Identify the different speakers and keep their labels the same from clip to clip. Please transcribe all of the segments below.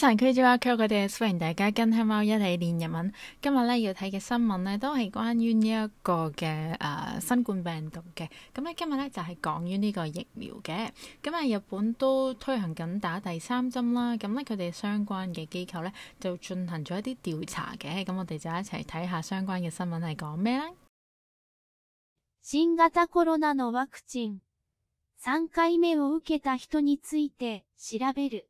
Speaker 1: 上區 JVR，我哋歡迎大家跟黑貓一起練日文。今日咧要睇嘅新聞咧，都係關於呢一個嘅誒新冠病毒嘅。咁咧今日咧就係講於呢個疫苗嘅。咁啊，日本都推行緊打第三針啦。咁咧，佢哋相關嘅機構咧就進行咗一啲調查嘅。咁我哋就一齊睇下相關嘅新聞係講咩咧。
Speaker 2: 新型コロナのワクチン、三回目を受けた人について調べる。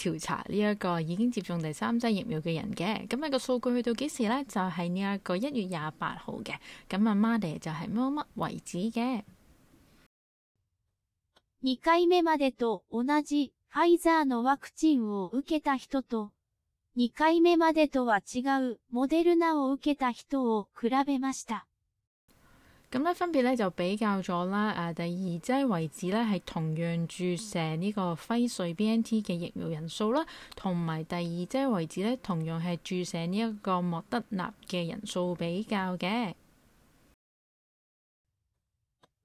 Speaker 1: 調查呢一個已經接種第三劑疫苗嘅人嘅，咁呢
Speaker 2: 個數據去到幾時呢？就係呢一個一月廿八號嘅，咁阿媽哋就係乜乜為止嘅？咁咧分別咧就比較咗啦，誒
Speaker 1: 第二劑為止咧係同樣注射呢個輝瑞 BNT 嘅疫苗人數啦，同埋第二劑為止咧同樣係注射呢一個莫德納嘅人
Speaker 2: 數比較嘅。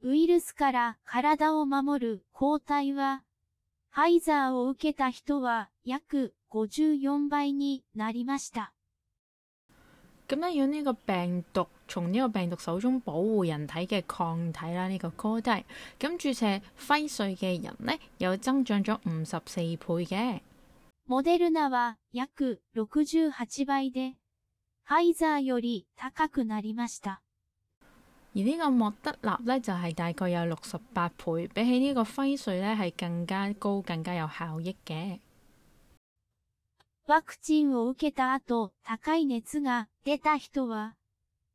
Speaker 2: ウイルスから體を守る抗體は、ハイザーを受けた人は約54倍になりました。咁咧要
Speaker 1: 呢個病毒。從呢個病毒手中保護人體嘅抗體啦，呢個高低咁注射輝瑞嘅人呢，又增長咗五十四倍嘅。
Speaker 2: 而呢個莫德納呢，就係大概
Speaker 1: 有六十八倍，比起呢個輝瑞呢，係更加高、更加有效益
Speaker 2: 嘅。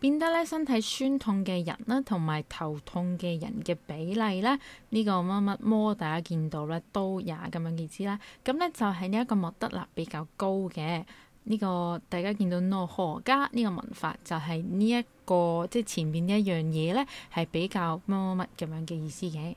Speaker 1: 變得咧身體酸痛嘅人啦，同埋頭痛嘅人嘅比例咧，呢個乜乜乜大家見到咧都也咁樣嘅意思啦。咁咧就係呢一個莫德納比較高嘅呢個，大家見到諾何家呢個文法就係呢一個即係前面一樣嘢咧，係比較乜乜乜咁
Speaker 2: 樣嘅意思嘅。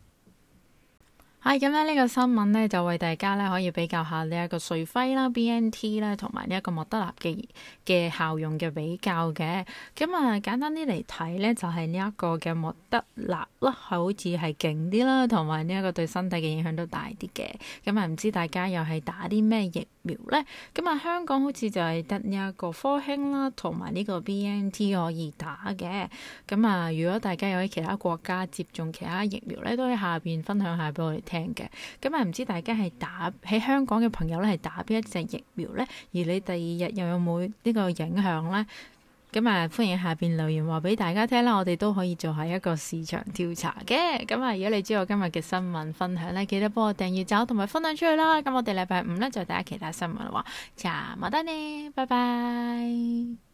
Speaker 1: 係咁咧，呢個新聞咧就為大家咧可以比較下呢一個瑞輝啦、BNT 啦同埋呢一個莫德納嘅嘅效用嘅比較嘅。咁啊，簡單啲嚟睇咧，就係呢一個嘅莫德納啦，好似係勁啲啦，同埋呢一個對身體嘅影響都大啲嘅。咁啊，唔知大家又係打啲咩疫苗咧？咁啊，香港好似就係得呢一個科興啦，同埋呢個 BNT 可以打嘅。咁啊，如果大家有喺其他國家接種其他疫苗咧，都喺下邊分享下俾我哋聽。聽嘅，咁啊唔知大家係打喺香港嘅朋友咧，係打邊一隻疫苗咧？而你第二日又有冇呢個影響咧？咁、嗯、啊，歡迎下邊留言話俾大家聽啦，我哋都可以做下一個市場調查嘅。咁、嗯、啊，如果你知道今日嘅新聞分享咧，記得幫我訂閱走同埋分享出去啦。咁我哋禮拜五咧就睇下其他新聞啦。話，查馬丹尼，拜拜。